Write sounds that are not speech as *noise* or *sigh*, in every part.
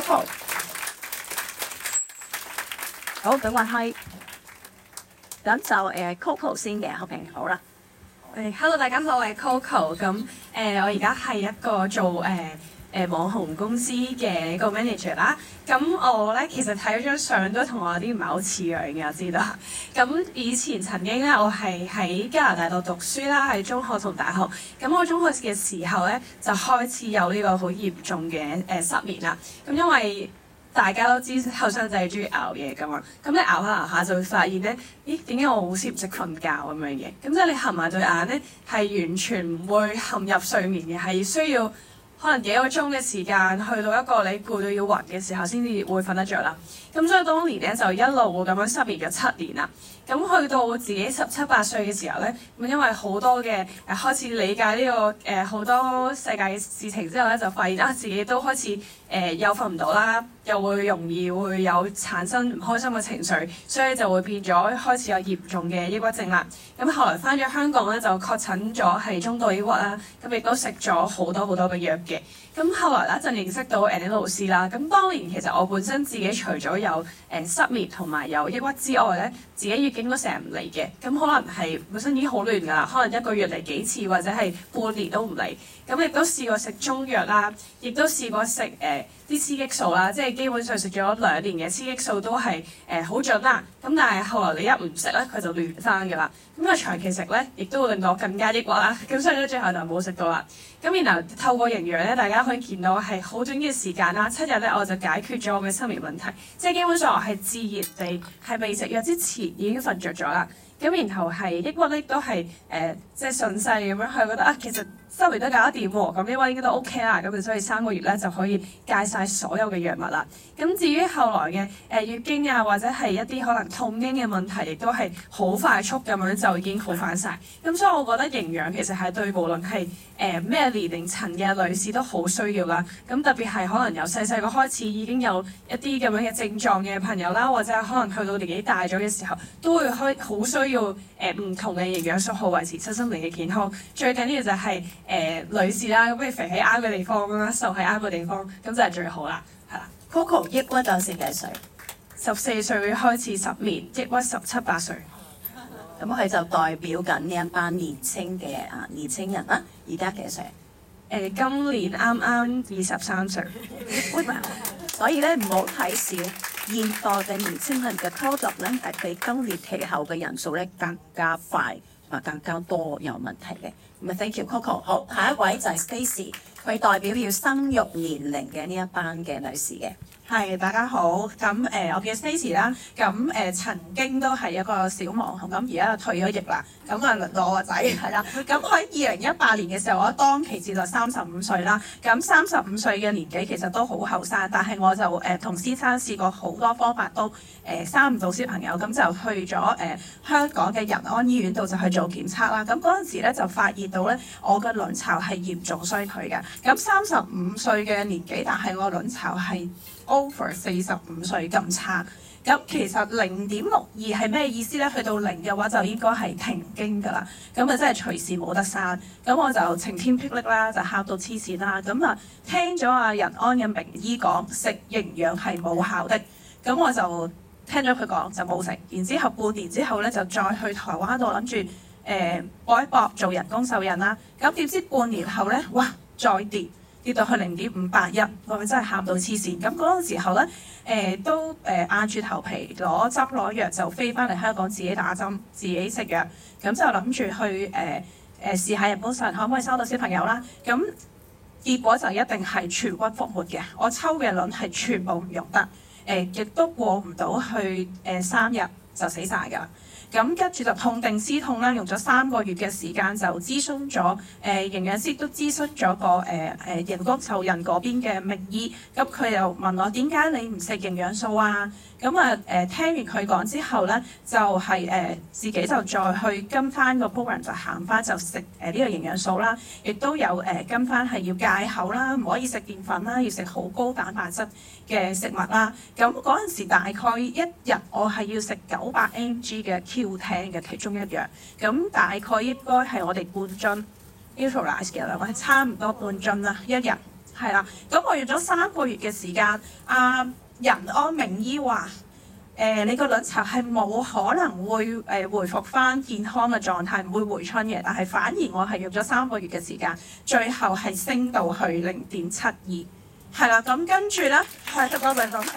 好，好等我嗨，咁就誒 Coco 先嘅好評好啦。誒、hey，Hello，大家好，我係 Coco，咁、嗯、誒、呃、我而家係一個做誒，呃誒網紅公司嘅一個 manager 啦，咁我咧其實睇咗張相都同我有啲唔係好似樣嘅，我知道。咁以前曾經咧，我係喺加拿大度讀書啦，喺中學同大學。咁我中學嘅時候咧，就開始有呢個好嚴重嘅誒、呃、失眠啦。咁因為大家都知後生仔中意熬夜嘅嘛，咁你熬下熬下就會發現咧，咦？點解我好似唔識瞓覺咁樣嘢？咁即係你含埋對眼咧，係完全唔會陷入睡眠嘅，係需要，可能幾個鐘嘅時間，去到一個你攰到要暈嘅時候，先至會瞓得着啦。咁所以當年咧就一路咁樣失眠咗七年啦。咁去到自己十七八歲嘅時候咧，咁因為好多嘅誒、呃、開始理解呢、這個誒好、呃、多世界嘅事情之後咧，就發現啊自己都開始誒、呃、又瞓唔到啦，又會容易會有產生唔開心嘅情緒，所以就會變咗開始有嚴重嘅抑鬱症啦。咁後來返咗香港咧就確診咗係中度抑鬱啦，咁亦都食咗好多好多嘅藥嘅。咁後來嗰陣認識到 Andy 老師啦。咁當年其實我本身自己除咗有、呃、失眠同埋有，有抑鬱之外呢自己月經都成日唔嚟嘅，咁可能係本身已經好亂㗎啦，可能一個月嚟幾次或者係半年都唔嚟。咁亦都試過食中藥啦，亦都試過食誒啲雌激素啦，即係基本上食咗兩年嘅雌激素都係誒好準啦。咁但係後來你一唔食咧，佢就亂生㗎啦。咁啊長期食咧，亦都會令到更加啲骨啦。咁所以咧最後就冇食到啦。咁然後透過營養咧，大家可以見到係好短嘅時間啦，七日咧我就解決咗我嘅失眠問題。即係基本上我係自然地係未食藥之前。已經瞓着咗啦，咁然後係抑鬱咧，亦都係誒、即、呃、係、就是、順勢咁樣去覺得啊，其實。周圍都搞得掂喎，咁呢位應該都 OK 啦，咁所以三個月咧就可以戒晒所有嘅藥物啦。咁至於後來嘅誒、呃、月經啊，或者係一啲可能痛經嘅問題，亦都係好快速咁樣就已經好翻晒。咁所以我覺得營養其實係對無論係誒咩年齡層嘅女士都好需要啦。咁特別係可能由細細個開始已經有一啲咁樣嘅症狀嘅朋友啦，或者係可能去到年紀大咗嘅時候，都會開好需要誒唔、呃、同嘅營養素去維持身心靈嘅健康。最緊要就係、是。誒、呃、女士啦，咁你肥喺啱嘅地方啦，瘦喺啱嘅地方，咁就係最好啦，係啦。Coco 抑鬱到幾多歲？十四歲開始十年，抑鬱十七八歲。咁佢就代表緊呢一班年青嘅啊年青人啦，而家幾多歲、呃？今年啱啱二十三歲。 *laughs* 所以咧唔好睇小現代嘅年青人嘅拖沓，咧比今年退後嘅人數咧更加快。更加多有問題嘅，咁啊，thank you, Coco，好，下一位就係 Stacy，佢代表要生育年齡嘅呢一班嘅女士嘅。係，大家好。咁誒、呃，我叫 Stacy 啦。咁、呃、誒，曾經都係一個小網紅，咁而家就退咗役啦。咁啊，輪到我個仔係啦。咁喺二零一八年嘅時候，我當其時就三十五歲啦。咁三十五歲嘅年紀其實都好後生，但係我就誒同先生試過好多方法都誒、呃、生唔到小朋友，咁就去咗誒、呃、香港嘅仁安醫院度就去做檢測啦。咁嗰陣時咧就發現到咧，我嘅卵巢係嚴重衰退嘅。咁三十五歲嘅年紀，但係我卵巢係。over 四十五歲咁差，咁其實零點六二係咩意思呢？去到零嘅話就應該係停經㗎啦，咁啊真係隨時冇得生。咁我就晴天霹靂啦，就嚇到黐線啦。咁啊聽咗阿仁安嘅名醫講食營養係冇效的，咁我就聽咗佢講就冇食。然之後半年之後呢，就再去台灣度諗住誒搏一搏做人工受孕啦。咁點知半年後呢，哇再跌。跌到去零點五八一，我咪真係喊到黐線。咁嗰個時候咧，誒、呃、都誒硬、呃、住頭皮攞針攞藥就飛翻嚟香港自己打針、自己食藥。咁之後諗住去誒誒、呃呃、試下日本神可唔可以收到小朋友啦。咁結果就一定係全軍覆沒嘅。我抽嘅卵係全部唔用得，誒亦都過唔到去誒、呃、三日就死曬㗎。咁跟住就痛定思痛啦，用咗三個月嘅時間就諮詢咗，誒營養師都諮詢咗個誒誒、呃呃、人工受孕嗰邊嘅名醫，咁佢又問我點解你唔食營養素啊？咁啊誒聽完佢講之後咧，就係、是、誒、呃、自己就再去跟翻個 program 就行翻就食誒呢個營養素啦，亦都有誒、呃、跟翻係要戒口啦，唔可以食澱粉啦，要食好高蛋白質嘅食物啦。咁嗰陣時大概一日我係要食九百 mg 嘅 Q 聽嘅其中一樣，咁大概應該係我哋半樽 utilize 嘅量，我係差唔多半樽啦，一日係啦。咁我用咗三個月嘅時間啊。呃仁安名醫話：誒，你個卵巢係冇可能會誒、呃、回復翻健康嘅狀態，唔會回春嘅。但係反而我係用咗三個月嘅時間，最後係升到去零點七二。係啦，咁跟住咧，係得嗰兩粒嘅。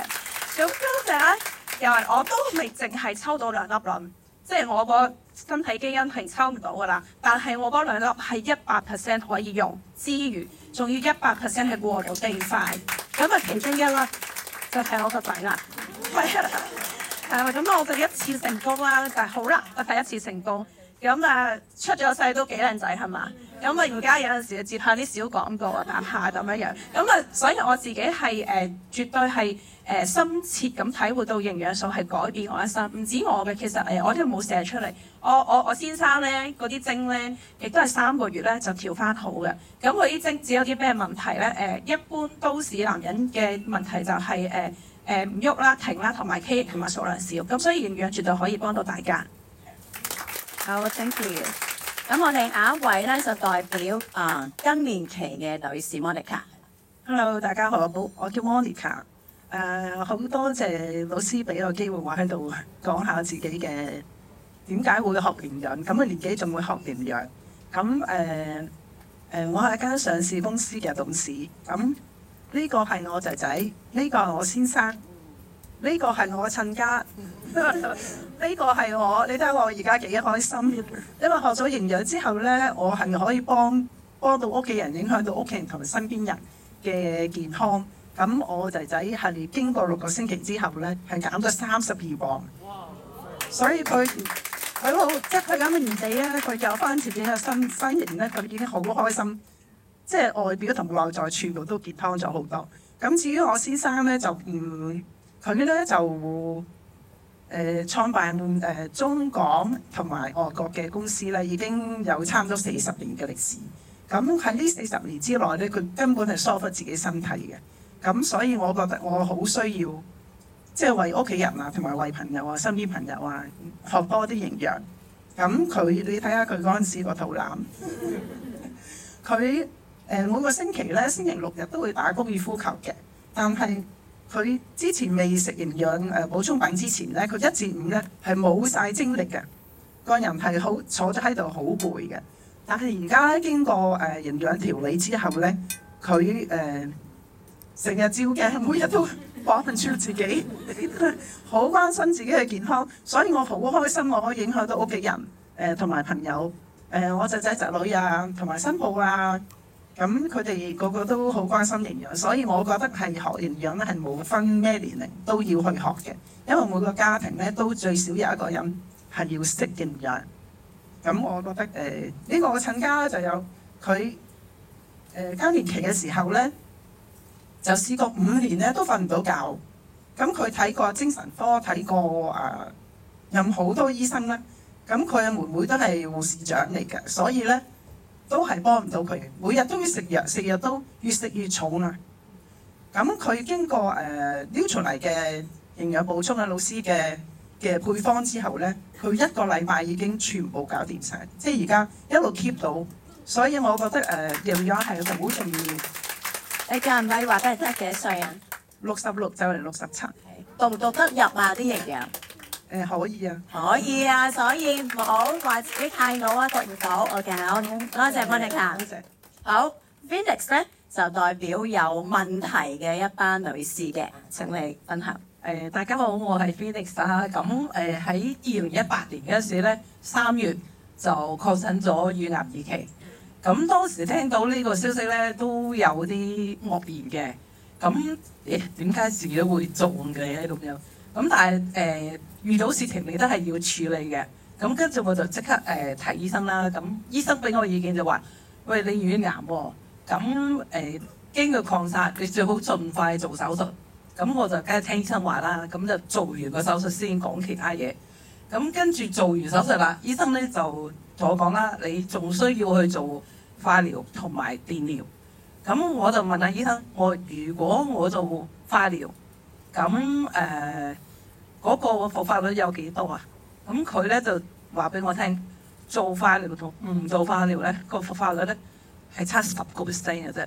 咁跟住咧，又係我都未淨係抽到兩粒卵，即係我個身體基因係抽唔到噶啦。但係我嗰兩粒係一百 percent 可以用，之餘仲要一百 percent 係過到更快。咁啊，那其中一粒。就係我個仔啦，係 *laughs* 咁、啊、我就一次成功啦、啊，就係好啦，我第一次成功，咁啊出咗世都幾靚仔係嘛？咁啊而家有陣時接下啲小廣告啊，打下咁樣樣，咁啊所以我自己係誒絕對係。誒深切咁體會到營養素係改變我一生，唔止我嘅，其實誒我都冇寫出嚟。我我我，我先生咧嗰啲精咧，亦都係三個月咧就調翻好嘅。咁佢啲精子有啲咩問題咧？誒、呃、一般都市男人嘅問題就係誒誒唔喐啦、停啦同埋畸形同埋數量少。咁所以營養絕對可以幫到大家。好、oh，thank you。咁我哋下一位咧就代表啊更、uh, 年期嘅女士 Monica。Hello，大家好，我叫 Monica。誒好、uh, 多謝老師俾個機會我喺度講下自己嘅點解會學營養，咁嘅年紀仲會學營養。咁誒誒，uh, uh, 我係間上市公司嘅董事。咁呢個係我仔仔，呢個係我先生，呢個係我嘅親家，呢 *laughs* *laughs* 個係我。你睇下我而家幾開心，因為學咗營養之後呢，我係可以幫幫到屋企人，影響到屋企人同埋身邊人嘅健康。咁我仔仔係經過六個星期之後咧，係減咗三十二磅，Wow. 所以佢佢好即係佢咁嘅年紀咧，佢有翻自己嘅身，身形咧，佢已經好開心，即係外表同內在全部都健康咗好多。咁至於我先生咧就唔佢咧就誒創辦誒中港同埋外國嘅公司咧，已經有差唔多四十年嘅歷史。咁喺呢四十年之內咧，佢根本係疏忽自己身體嘅。咁所以，我覺得我好需要即係、就是、為屋企人啊，同埋為朋友啊、身邊朋友啊，學多啲營養。咁佢你睇下佢嗰陣時個肚腩，佢誒、 *laughs* 呃、每個星期咧，星期六日都會打高爾夫球嘅。但係佢之前未食營養誒補充品之前咧，佢一至五咧係冇晒精力嘅，個人係好坐咗喺度好攰嘅。但係而家咧，經過誒、呃、營養調理之後咧，佢誒。呃成日照鏡，每日都保份住自己，好關心自己嘅健康，所以我好開心，我可以影響到屋企人，誒同埋朋友，誒、呃、我仔仔侄女啊，同埋新抱啊，咁佢哋個個都好關心營養，所以我覺得係學營養咧係冇分咩年齡都要去學嘅，因為每個家庭咧都最少有一個人係要識營養，咁、嗯、我覺得誒，呢、呃這個我親家就有佢誒更年期嘅時候咧。就試過五年咧都瞓唔到覺，咁佢睇過精神科，睇過誒、呃、任好多醫生啦，咁佢嘅妹妹都係護士長嚟嘅，所以咧都係幫唔到佢，每日都要食藥，食藥都越食越重啊！咁佢經過誒 Nutrilite 嘅營養補充嘅老師嘅嘅配方之後咧，佢一個禮拜已經全部搞掂晒。即係而家一路 keep 到，所以我覺得誒、呃、營養係好重要。你近唔近？話得係得幾多歲啊？六十六就定六十七？讀唔讀得入啊啲營養？誒，可以啊。可以啊，所以唔好話自己太老啊，讀唔到，誒好，多謝 Monica。好，Phoenix 就代表有問題嘅一班女士嘅，請你分享。誒，大家好，我係 Phoenix 啊。咁誒，喺二零一八年嗰時咧，三月就確診咗乳癌二期。咁當時聽到呢個消息咧，都有啲愕然嘅。咁誒點解自己都會撞嘅咧咁樣？咁但係誒、呃、遇到事情你都係要處理嘅。咁跟住我就即刻誒睇、呃、醫生啦。咁醫生俾我意見就話：「喂，你乳癌喎、哦。咁誒、呃、經過擴散，你最好盡快做手術。咁我就梗係聽醫生話啦。咁就做完個手術先講其他嘢。咁跟住做完手術啦，醫生咧就，我講啦，你仲需要去做化療同埋電療。咁我就問阿醫生：我如果我做化療，咁誒嗰個嘅復發率有幾多啊？咁佢咧就話俾我聽：做化療同唔做化療咧，個復發率咧係差十個 percent 嘅啫。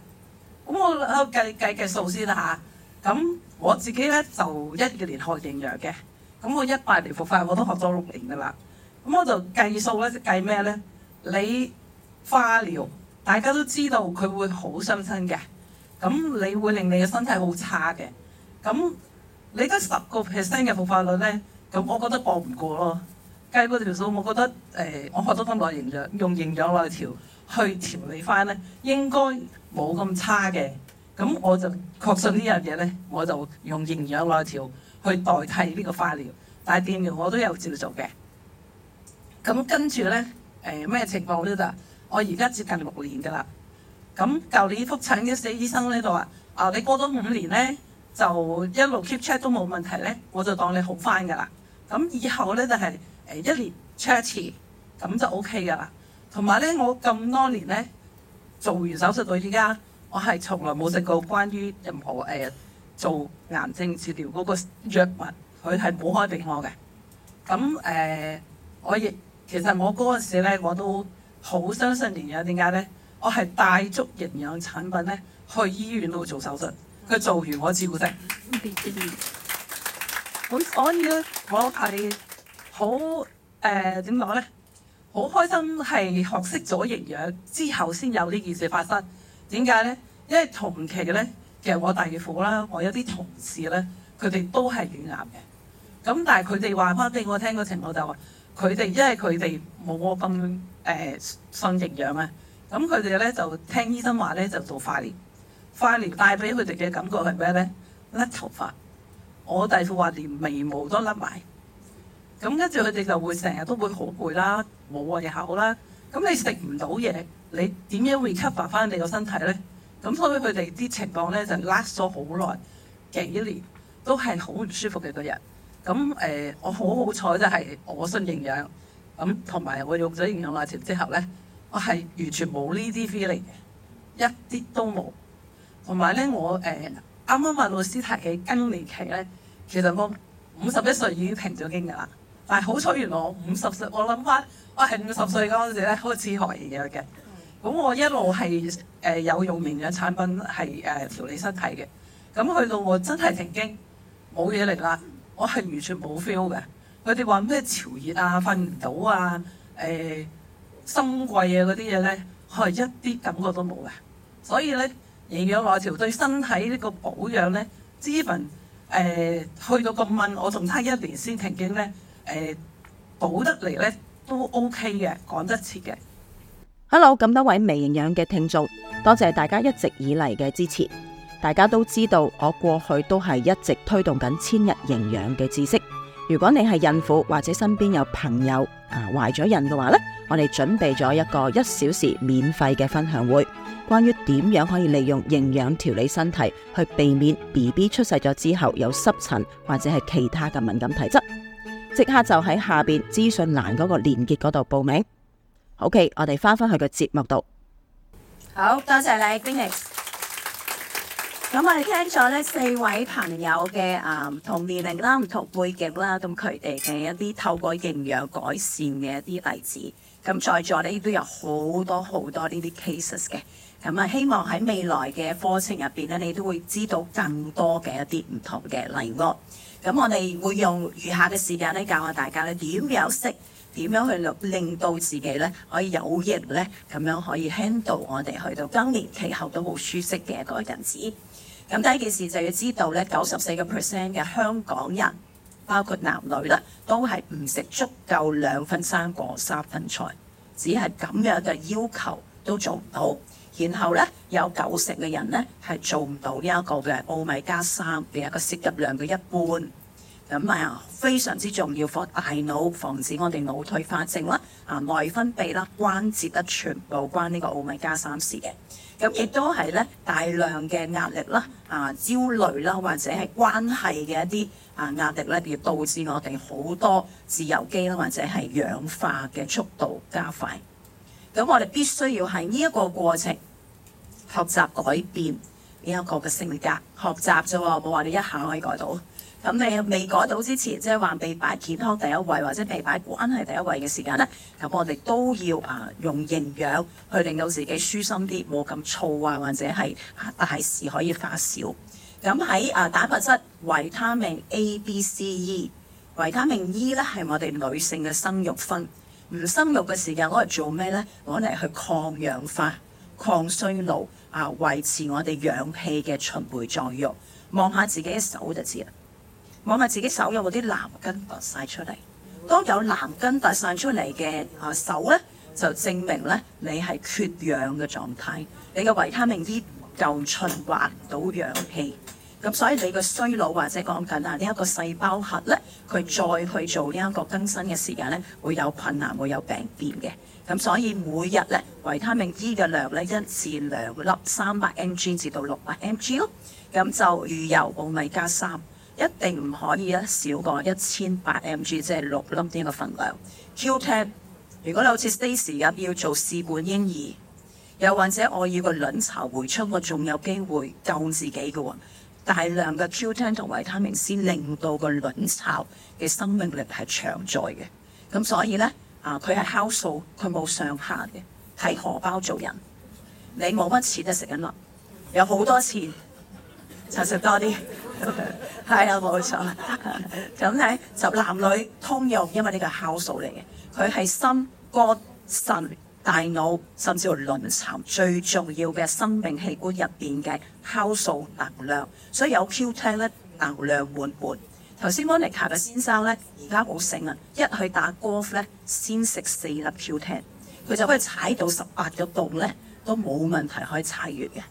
咁我喺度計計計數先啦嚇。咁、啊、我自己咧就一二年學營養嘅。咁我一八年復發，我都學咗六年噶啦。咁我就計數咧，計咩咧？你化療，大家都知道佢會好傷身嘅，咁你會令你嘅身體好差嘅。咁你得十個 percent 嘅復發率咧，咁我覺得過唔過咯？計嗰條數，我覺得誒、呃，我學咗咁耐營養，用營養內調去調理翻咧，應該冇咁差嘅。咁我就確信這件事呢樣嘢咧，我就用營養內調去代替呢個化療。但係電療我都有照做嘅。咁跟住咧，誒、呃、咩情況咧就，我而家接近六年噶啦。咁舊年覆診嘅啲醫生咧就話，啊你過咗五年咧，就一路 keep check 都冇問題咧，我就當你好翻噶啦。咁以後咧就係、是、一年 check 一次，OK，咁就 OK 噶啦。同埋咧，我咁多年咧，做完手術到而家，我係從來冇食過關於任何誒、呃、做癌症治療嗰個藥物，佢係冇開俾我嘅。咁誒、呃，我亦～其實我嗰陣時咧，我都好相信營養。點解咧？我係帶足營養產品咧，去醫院度做手術。佢做完我照食咁 *laughs* 所以要我係好誒點講咧？好、呃、開心係學識咗營養之後先有呢件事發生。點解咧？因為同期咧，其實我弟夫啦，我有啲同事咧，佢哋都係乳癌嘅。咁但係佢哋話翻俾我聽個情況就話、是。佢哋因為佢哋冇我咁誒信營養啊，咁佢哋咧就聽醫生話咧就做化療，化療帶俾佢哋嘅感覺係咩咧？甩頭髮，我大夫話連眉毛都甩埋，咁跟住佢哋就會成日都會好攰啦，冇胃口啦，咁你食唔到嘢，你點樣 recover 翻你個身體咧？咁所以佢哋啲情況咧就 last 咗好耐，幾年都係好唔舒服嘅個人。咁誒、呃，我好好彩就係我信營養咁，同埋我用咗營養辣潮之後咧，我係完全冇呢啲 feel 嚟嘅，一啲都冇。同埋咧，我誒啱啱問老師提嘅更年期咧，其實我五十一歲已經停咗經㗎啦。嗯、但係好彩，原來我五十歲，我諗翻我係五十歲嗰陣時咧開始學營養嘅。咁我一路係誒有用營養產品係誒、呃、調理身體嘅。咁去到我真係停經，冇嘢嚟啦。我係完全冇 feel 嘅，佢哋話咩潮熱啊、瞓唔到啊、誒心悸啊嗰啲嘢呢，我係一啲感覺都冇嘅。所以呢，營養內調對身體呢個保養呢，even、呃、去到咁問，我仲差一年先停經呢，誒、呃、補得嚟呢都 OK 嘅，趕得切嘅。Hello，咁多位微營養嘅聽眾，多謝大家一直以嚟嘅支持。大家都知道，我過去都係一直推動緊千日營養嘅知識。如果你係孕婦或者身邊有朋友啊懷咗孕嘅話呢，我哋準備咗一個一小時免費嘅分享會，關於點樣可以利用營養調理身體，去避免 BB 出世咗之後有濕疹或者係其他嘅敏感體質。即刻就喺下邊資訊欄嗰個鏈接嗰度報名。OK，我哋返返去個節目度。好多謝你，經理。咁我哋聽咗呢四位朋友嘅唔同年齡啦、唔同背景啦，咁佢哋嘅一啲透過營養改善嘅一啲例子。咁在座呢都有好多好多呢啲 cases 嘅。咁啊，希望喺未來嘅課程入邊呢，你都會知道更多嘅一啲唔同嘅例案。咁我哋會用餘下嘅時間呢，教下大家咧點樣識，點樣去令到自己呢可以有益呢？咁樣可以 handle 我哋去到更年期後都好舒適嘅一個日子。咁第一件事就要知道咧，九十四個 percent 嘅香港人，包括男女啦，都係唔食足夠兩分生果、三分菜，只係咁樣嘅要求都做唔到。然後咧，有九成嘅人咧係做唔到呢一個嘅奧米加三嘅一個攝入量嘅一半。咁啊，非常之重要，防大腦，防止我哋腦退化症啦，啊內分泌啦、關節啦，全部關呢個奧米加三事嘅。咁亦都係咧大量嘅壓力啦，啊焦慮啦，或者係關係嘅一啲啊壓力咧，而導致我哋好多自由基啦，或者係氧化嘅速度加快。咁我哋必須要喺呢一個過程學習改變呢一個嘅性格，學習啫我，冇話你一下可以改到。咁你未改到之前，即係話未擺健康第一位或者未擺關係第一位嘅時間呢，咁我哋都要啊用營養去令到自己舒心啲，冇咁燥啊，或者係大事可以化小。咁喺啊蛋白質、維他命 A、B、C、E，維他命 E 呢係我哋女性嘅生育酚。唔生育嘅時間，我嚟做咩呢？我嚟去抗氧化、抗衰老啊，維持我哋氧氣嘅循環作用。望下自己嘅手就知啦。摸下自己手有冇啲藍根發晒出嚟，當有藍根發晒出嚟嘅啊手呢，就證明呢你係缺氧嘅狀態，你嘅維他命 D、e、夠循環到氧氣，咁所以你個衰老或者講緊啊，呢一個細胞核呢，佢再去做呢一個更新嘅時間呢，會有困難，會有病變嘅。咁所以每日呢，維他命 E 嘅量呢，一至兩粒三百 mg 至到六百 mg 咯，咁就預由奧米加三。一定唔可以啊，少過一千八 mg，即係六粒呢個份量。Q ten，如果你好似 Stacey 咁要做試管嬰兒，又或者我要個卵巢回春，我仲有機會救自己嘅哦。大量嘅 Q ten 同維他命 C 令到個卵巢嘅生命力係長在嘅。咁所以呢，啊，佢係酵素，佢冇上限嘅，睇荷包做人。你冇乜錢就食緊落，有好多錢。就食多啲，係 *laughs* 啊、哎，冇錯。咁咧就男女通用，因為呢個酵素嚟嘅，佢係心、肝、腎、大腦，甚至乎卵巢最重要嘅生命器官入邊嘅酵素能量。所以有 Q Ten 咧，能量滿滿。頭先 Monica 嘅先生咧，而家好醒啦，一去打 Golf 咧，先食四粒 Q Ten，佢就可以踩到十八個度咧，都冇問題可以踩完嘅。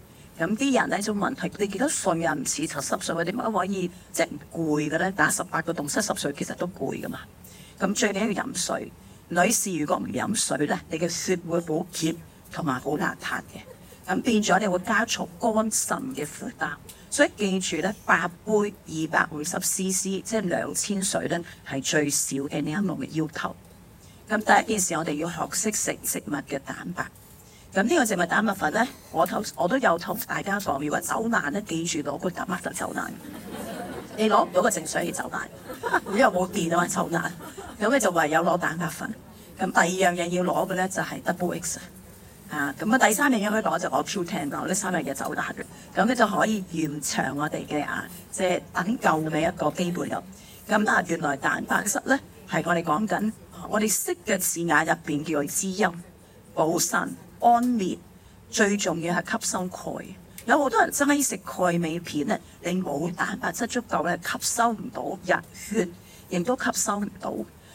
咁啲人呢就問題，你幾多歲啊？唔似七十歲啊點解可以即攰嘅咧？打十八個洞，七十歲其實都攰噶嘛。咁最緊要飲水，女士如果唔飲水咧，你嘅血會補結同埋好邋遢嘅。咁變咗你會加速肝腎嘅負擔。所以記住咧，八杯二百五十 CC，即係兩千水咧係最少嘅你一路嘅要求。咁第一件事，我哋要學識食食物嘅蛋白。咁呢個植物蛋白粉咧，我透我都有同大家講，防如果走難咧。記住攞個蛋白粉走難，你攞唔到個淨水器走難，因為冇電啊嘛走難。咁咧就唯有攞蛋白粉。咁第二樣嘢要攞嘅咧就係、是、Double X, x 啊。咁啊，第三樣嘢可以攞就是、我 Q10 啦。呢三樣嘢走難嘅，咁咧就可以延長我哋嘅啊，即、就、係、是、等救命一個基本咁。咁啊，原來蛋白質咧係我哋講緊，我哋識嘅字眼入邊叫滋陰」、「補身」。安眠最重要係吸收鈣，有好多人齋食鈣鎂片咧，你冇蛋白質足夠吸收唔到，入血亦都吸收唔到。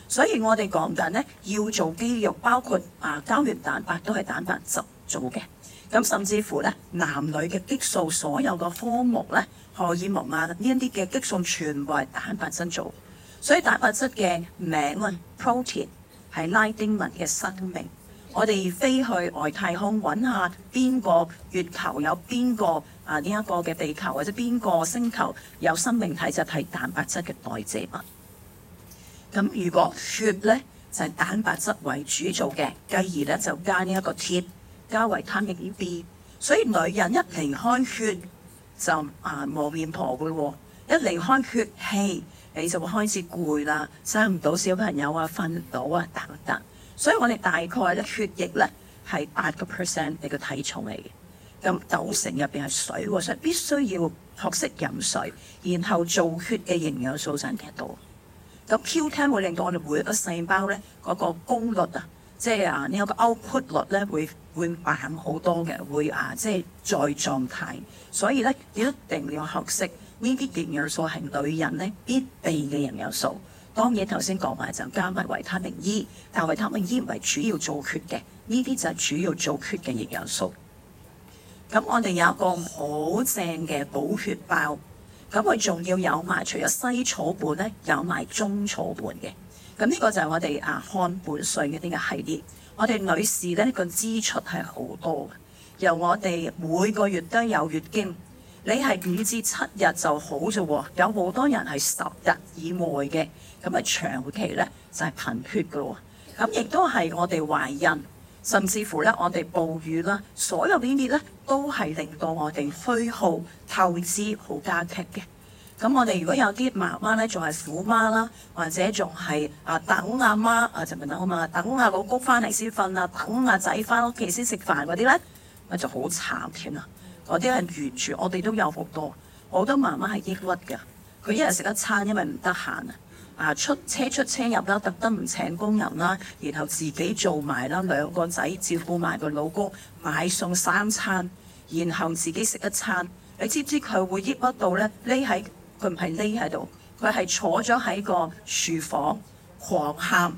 所以我哋講緊要做肌肉，包括啊膠原蛋白都係蛋白質做嘅。咁甚至乎呢男女嘅激素，所有嘅科目咧，荷爾蒙啊呢啲嘅激素，全部係蛋白質做。所以蛋白質嘅名 protein 係拉丁文嘅生命。我哋飛去外太空揾下邊個月球，有邊個啊呢一個嘅地球，或者邊個星球有生命體質，係蛋白質嘅代謝物。咁如果血呢，就係、是、蛋白質為主做嘅，繼而呢，就加呢一個鐵加維他命 B。所以女人一離開血就啊無面婆嘅喎、哦，一離開血氣你就會開始攰啦，生唔到小朋友啊，瞓唔到啊，得唔所以我哋大概咧血液咧係八個 percent 你個體重嚟嘅，咁九成入邊係水喎，所以必須要學識飲水，然後做血嘅營養素增加多。咁 Q10 會令到我哋每一個細胞咧嗰個功率啊，即係啊，你有個 output 率咧會會慢好多嘅，會啊，即係在狀態。所以咧一定要學識，呢啲營養素係女人咧必備嘅營養素。當然頭先講埋就加埋維他命 E，但維他命 E 唔係主要造血嘅，呢啲就係主要造血嘅營養素。咁我哋有一個好正嘅補血包，咁佢仲要有埋除咗西草本呢有埋中草本嘅。咁呢個就係我哋亞漢本粹嘅呢個系列。我哋女士呢個支出係好多嘅，由我哋每個月都有月經，你係五至七日就好啫喎，有好多人係十日以外嘅。咁啊，長期咧就係貧血噶喎。咁亦都係我哋懷孕，甚至乎咧我哋暴雨啦，所有呢啲咧都係令到我哋虛耗透支好加劇嘅。咁我哋如果有啲媽媽咧，仲係苦媽啦，或者仲係啊等阿媽啊就問我嘛，等下老公翻嚟先瞓啊，等阿仔翻屋企先食飯嗰啲咧，咪就好慘添啊！嗰啲係完全我哋都有好多，好多媽媽係抑鬱嘅，佢一日食一餐，因為唔得閒啊。啊！出車出車入啦，特登唔請工人啦，然後自己做埋啦，兩個仔照顧埋個老公，買餸三餐，然後自己食一餐。你知唔知佢會抑鬱到呢？匿喺佢唔係匿喺度，佢係坐咗喺個廚房狂喊，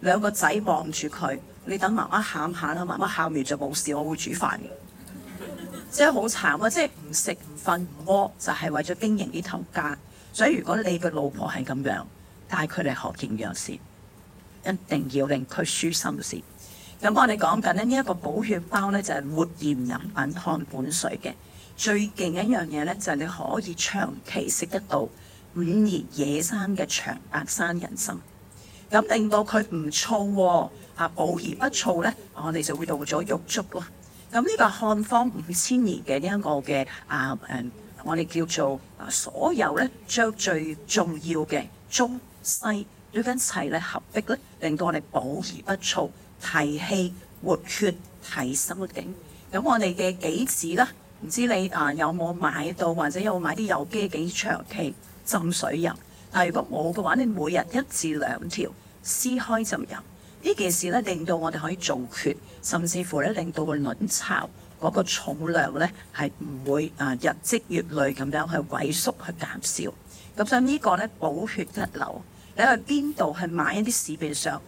兩個仔望住佢。你等媽媽喊下啦，媽媽喊完就冇事，我會煮飯 *laughs* 即係好慘啊！即係唔食唔瞓唔屙，就係、是、為咗經營呢頭家。所以如果你嘅老婆係咁樣。帶佢嚟學營養先，一定要令佢舒心先。咁我哋講緊咧呢一個補血包咧就係、是、活鹽飲品漢本水嘅最勁一樣嘢咧就係、是、你可以長期食得到五葉野生嘅長白山人參，咁令到佢唔燥，啊補而不燥咧，我哋就會到咗玉竹咯。咁呢個漢方五千年嘅呢一個嘅啊誒、呃，我哋叫做啊所有咧將最，最重要嘅中。細兩分齊咧，合璧咧，令到我哋補而不燥，提氣活血，提心力勁。咁我哋嘅杞子咧，唔知你啊有冇買到，或者有買啲有機嘅杞子長期浸水飲。但係如果冇嘅話，你每日一至兩條撕開浸飲。呢件事咧，令到我哋可以做血，甚至乎咧令到個卵巢嗰個重量咧係唔會啊日積月累咁樣去萎縮去減少。咁所以呢個咧補血一流。你去邊度去買一啲市面上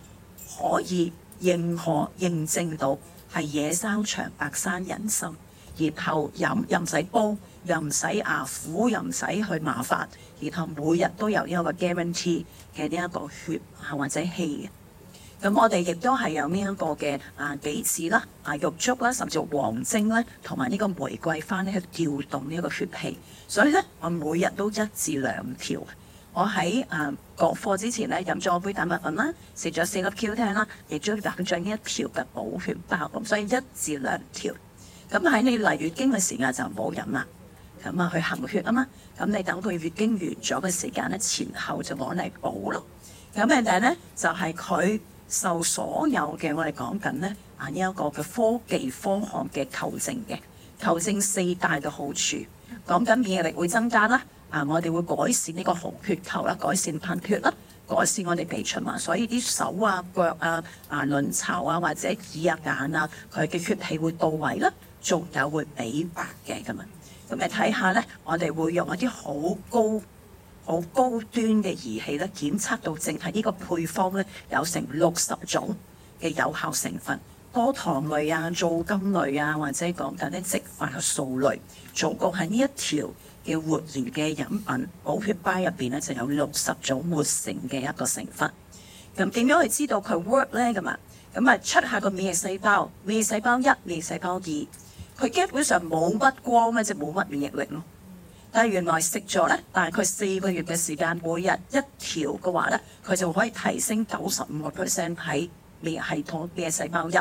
可以認可認證到係野生長白山人參，然後飲又唔使煲，又唔使啊苦，又唔使去麻煩，然後每日都有呢一個 guarantee 嘅呢一個血啊或者氣嘅。咁我哋亦都係有呢一個嘅啊杞子啦、啊玉竹啦，甚至黃精啦，同埋呢個玫瑰花咧去調動呢一個血氣。所以咧，我每日都一至兩條。我喺誒講課之前咧，飲咗一杯蛋白粉啦，食咗四粒 Q 聽啦，亦都飲咗呢一條嘅補血包咁，所以一至兩條。咁喺你嚟月經嘅時間就唔好飲啦，咁啊去行血啊嘛，咁你等佢月經完咗嘅時間咧，前後就攞嚟補咯。咁誒第咧就係、是、佢受所有嘅我哋講緊咧啊呢一、這個嘅科技科學嘅求證嘅求證四大嘅好處，講緊免疫力會增加啦。啊！我哋會改善呢個紅血球啦，改善貧血啦，改善我哋鼻循環嘛。所以啲手啊、腳啊、啊、卵巢啊或者耳啊眼啊，佢嘅血氣會到位啦，仲有會美白嘅咁啊。咁你睇下咧，我哋會用一啲好高、好高端嘅儀器咧，檢測到淨係呢個配方咧有成六十種嘅有效成分。多糖類啊、做金類啊，或者講緊啲植化嘅素類，總共係呢一條嘅活源嘅飲品補血包入邊呢就有六十種活性嘅一個成分。咁點樣去知道佢 work 咧？咁啊，咁啊出下個免疫細胞，免疫細胞一，免疫細胞二，佢基本上冇乜光啊，即冇乜免疫力咯。但係原來食咗咧，大概四個月嘅時間，每日一條嘅話咧，佢就可以提升九十五個 percent 喺，系統嘅細胞一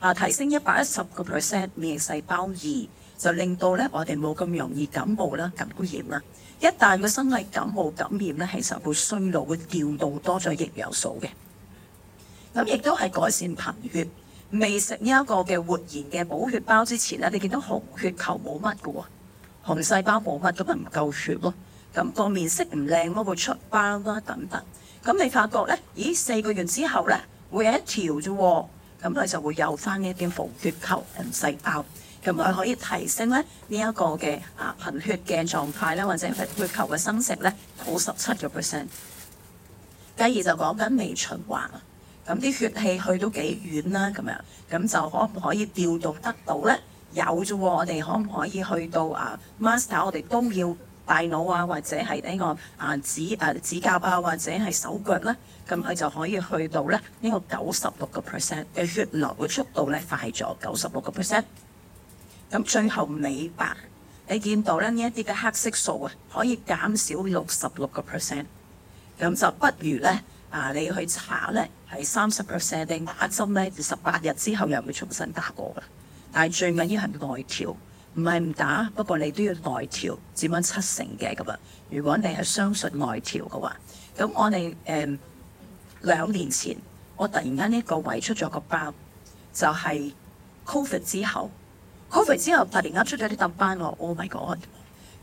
啊，提升一百一十個 percent；免疫細胞二就令到咧，我哋冇咁容易感冒啦、感染啦。一旦個身體感冒感染咧，其實會衰老會掉到多咗營養素嘅。咁亦都係改善貧血。未食呢一個嘅活然嘅補血包之前咧，你見到紅血球冇乜嘅喎，紅細胞冇乜，咁咪唔夠血咯。咁個面色唔靚，會出包啦等等。咁你發覺咧，咦四個月之後啦～會有一條啫喎，咁佢就會有翻呢一啲浮血球、人細胞，咁佢可以提升咧呢一個嘅啊貧血嘅狀態咧，或者係血球嘅生成咧，九十七個 percent。繼而就講緊微循環啊，咁啲血氣去到幾遠啦？咁樣咁就可唔可以調動得到咧？有啫喎，我哋可唔可以去到啊 master？我哋都要。大腦啊，或者係呢、那個啊指啊指甲啊，或者係手腳啦、啊，咁佢就可以去到咧呢、這個九十六個 percent 嘅血流嘅速度咧快咗九十六個 percent。咁最後美白，你見到咧呢一啲嘅黑色素啊，可以減少六十六個 percent。咁就不如咧啊，你去查咧係三十 percent 定打針咧，十八日之後又會重新打過嘅。但係最緊要係內調。唔係唔打，不過你都要內調，佔返七成嘅咁啊。如果你係相信內調嘅話，咁我哋誒、嗯、兩年前我突然間呢個位出咗個包，就係、是、CO covid 之後 covid 之後突然間出咗啲突班喎。Oh my god！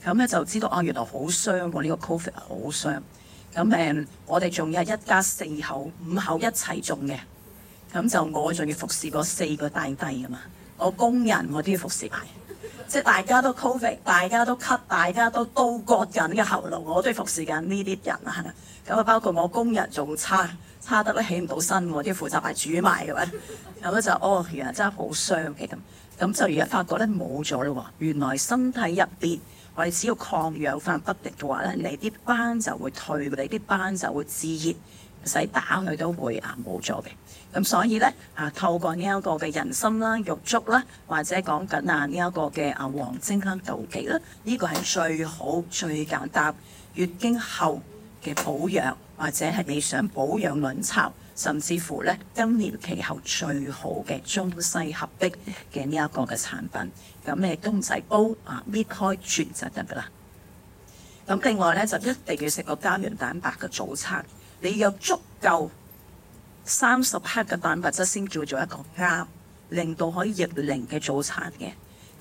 咁咧就知道啊，原來好傷喎。呢、這個 covid 好傷咁誒、嗯，我哋仲有一家四口五口一齊中嘅，咁就我仲要服侍嗰四個大帝啊嘛。我工人我都要服侍埋。即係大家都 covid 大家都咳，大家都刀割緊嘅喉嚨，我都服侍緊呢啲人啊。咁啊，包括我工人仲差，差得咧起唔到身喎，啲負責埋煮埋嘅，咁咧 *laughs* 就哦，原來真係好傷嘅咁。咁就而家發覺咧冇咗咯喎，原來身體入邊，我哋只要抗氧化不敵嘅話咧，你啲斑就會退，你啲斑就會自熱，唔使打佢都會啊冇咗嘅。咁所以呢，啊，透過呢一個嘅人參啦、玉竹啦，或者講緊、這個、啊呢一個嘅啊黃精香枸杞啦，呢、這個係最好、最簡單月經後嘅保養，或者係你想保養卵巢，甚至乎呢更年期後最好嘅中西合璧嘅呢一個嘅產品，咁你都唔使煲啊，搣開全汁就得噶啦。咁另外呢，就一定要食個膠原蛋白嘅早餐，你有足夠，三十克嘅蛋白質先叫做一個啱，令到可以逆齡嘅早餐嘅。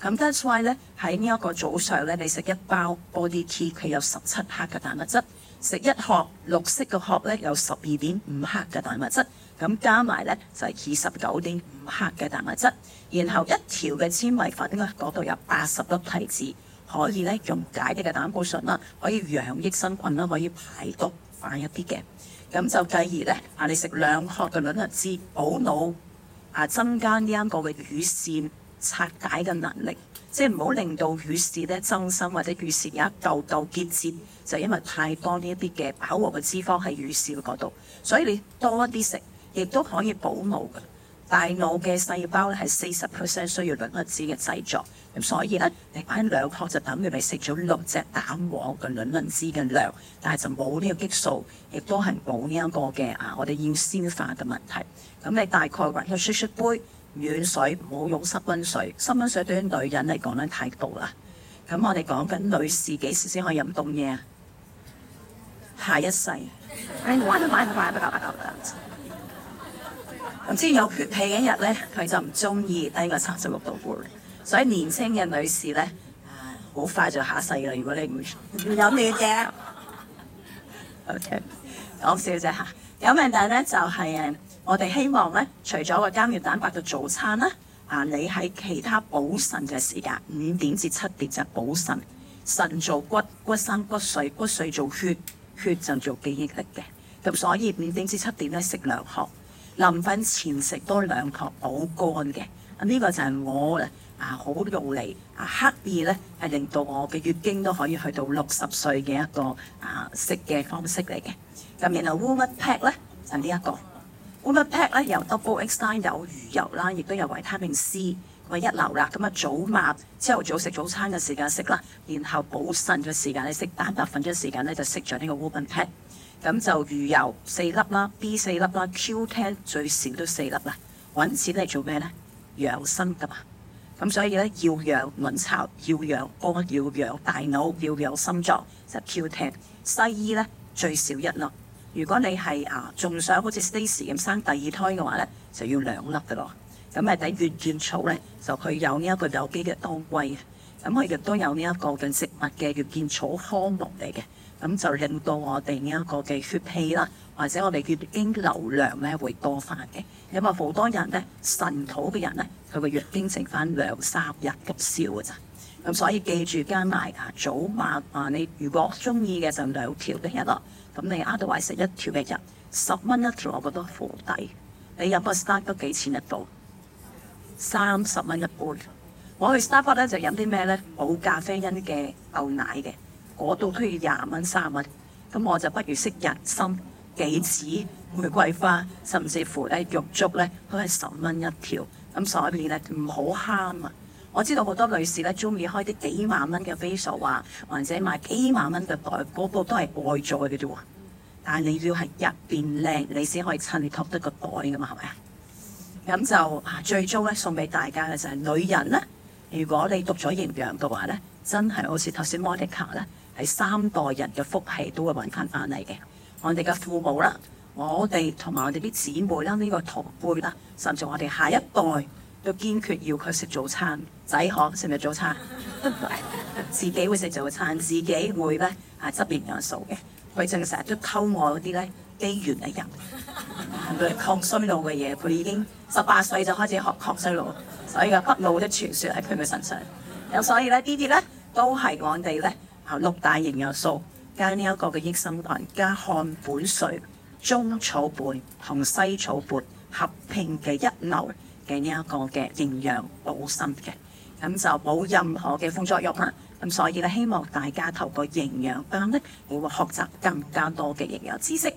咁 That's why 呢喺呢一個早上呢，你食一包 body tea，佢有十七克嘅蛋白質；食一殼綠色嘅殼呢，有十二點五克嘅蛋白質。咁加埋呢，就係二十九點五克嘅蛋白質。然後一條嘅纖維粉呢，嗰度有八十粒提子，可以呢溶解你嘅膽固醇啦，可以養益生菌啦，可以排毒快一啲嘅。咁就繼而咧，啊，你食兩殼嘅卵磷脂補腦，啊，增加呢一個嘅乳腺拆解嘅能力，即係唔好令到乳腺咧增生或者乳腺有一嚿嚿結節，就因為太多呢一啲嘅飽和嘅脂肪喺乳腺嘅嗰度，所以你多一啲食，亦都可以補腦嘅。大腦嘅細胞咧係四十 percent 需要卵磷脂嘅製作，咁所以咧，你擺兩殼就等於你食咗六隻蛋黃嘅卵磷脂嘅量，但係就冇呢個激素，亦都係冇呢一個嘅啊，我哋要消化嘅問題。咁你大概揾個雪雪杯暖水，冇用濕溫水，濕溫水對於女人嚟講咧太凍啦。咁我哋講緊女士幾時先可以飲凍嘢啊？下一世， *laughs* 咁至有血氣嘅一日咧，佢就唔中意低過三十六度半。所以年輕嘅女士咧，好快就下世啦。如果你唔飲暖嘢，OK，講笑啫嚇。有問題咧就係、是、誒，我哋希望咧，除咗個膠原蛋白嘅早餐啦，啊，你喺其他補腎嘅時間，五點至七點就補腎。腎做骨，骨生骨髓，骨髓做血，血就做記憶力嘅。咁所以五點至七點咧食兩殼。臨瞓前食多兩顆保肝嘅，呢、啊，這個就係我啊好用嚟啊刻意呢係令到我嘅月經都可以去到六十歲嘅一個啊食嘅方式嚟嘅。咁、啊、然後 woman pack 呢就呢一個 woman pack 咧，有 Double、X、9，有魚油啦，亦都有維他命 C，咪一流啦。咁啊早晚朝頭早食早餐嘅時間食啦，然後補腎嘅時間你食蛋白粉嘅時間呢就食咗呢個 woman pack。咁就魚油四粒啦，B 四粒啦，Q ten 最少都四粒啦。揾錢嚟做咩咧？養生噶嘛。咁所以咧要養卵巢，要養肝，要養、哦、要養大腦，要養心臟，就是、Q ten。西醫咧最少一粒。如果你係啊仲想好似 Stacy 咁生第二胎嘅話咧，就要兩粒噶咯。咁啊睇月見草咧就佢有呢一個有機嘅當歸，咁佢亦都有呢一個嘅植物嘅月見草康木嚟嘅。咁、嗯、就令到我哋呢一個嘅血氣啦，或者我哋月經流量咧會多翻嘅。因為好多人咧，神土嘅人咧，佢個月經成翻兩三日咁少嘅咋。咁、嗯、所以記住加埋啊，早晚啊，你如果中意嘅就兩條一日咯。咁你阿都維食一條、嗯、一日，十蚊一條我覺得好抵。你飲唔飲 Starbucks 幾錢一杯？三十蚊一杯。我去 Starbucks 咧就飲啲咩咧？冇咖啡因嘅牛奶嘅。果都都要廿蚊三十蚊，咁我就不如識人參、杞子、玫瑰花，甚至乎咧玉竹咧都係十蚊一條。咁所以咧唔好慳啊！我知道好多女士咧中意開啲幾萬蚊嘅 facial 啊，或者買幾萬蚊嘅袋，個個都係外在嘅啫喎。但係你要係入邊靚，你先可以襯得個袋噶嘛，係咪啊？咁就啊，最終咧送俾大家嘅就係、是、女人咧，如果你讀咗營養嘅話咧，真係好似頭先 Monica 咧。係三代人嘅福氣，都會揾翻翻嚟嘅。我哋嘅父母啦，我哋同埋我哋啲姊妹啦，呢個同輩啦，甚至我哋下一代都堅決要佢食早餐，仔可食唔食早餐，自己會食早餐，自己會咧啊，執營養素嘅。佢淨成日都偷我嗰啲咧機緣嘅人來抗 *laughs* 衰老嘅嘢，佢已經十八歲就開始學抗衰老，所以個不老的傳説喺佢嘅身上。咁所以咧，呢啲咧都係我哋咧。六大營養素加呢一個嘅益生菌，加漢本水中草本同西草本合併嘅一流嘅呢一個嘅營養補身嘅，咁就冇任何嘅副作用啊！咁所以咧，希望大家透過營養講呢，會學習更加多嘅營養知識。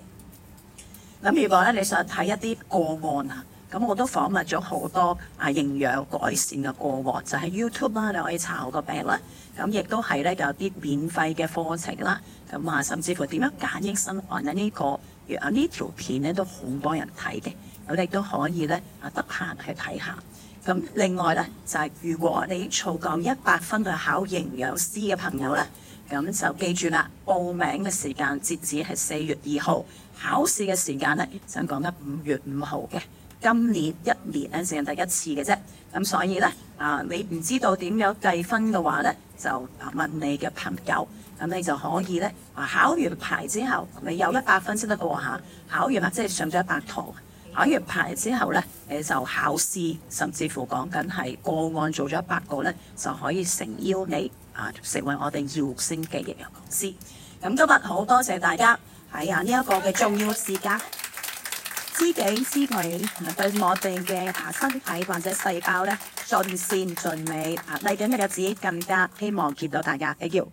咁如果咧，你想睇一啲個案啊？咁我都訪問咗好多啊，營養改善嘅過往就喺、是、YouTube 啦，你可以查我個名啦。咁、啊、亦都係咧有啲免費嘅課程啦。咁啊，甚至乎點樣減輕身寒啊？這個、呢個若呢條片咧都好多人睇嘅。我哋都可以咧啊，得閒去睇下。咁、啊、另外咧就係、是、如果你儲夠一百分去考營養師嘅朋友咧，咁就記住啦，報名嘅時間截止係四月二號，考試嘅時間咧想講緊五月五號嘅。今年一年咧，成人第一次嘅啫。咁所以呢，啊，你唔知道點樣計分嘅話呢，就問你嘅朋友。咁你就可以呢，啊，考完牌之後，你有一百分先得嘅喎嚇。考完牌即係上咗一百堂，考完牌之後咧，你就考試，甚至乎講緊係個案做咗一百個呢，就可以誠邀你啊成為我哋耀升嘅營養師。咁今日好多謝大家。係啊，呢一個嘅重要時間。知己知彼，對我哋嘅身體或者細胞咧，盡善盡美。嚟緊嘅日子更加希望見到大家嘅票。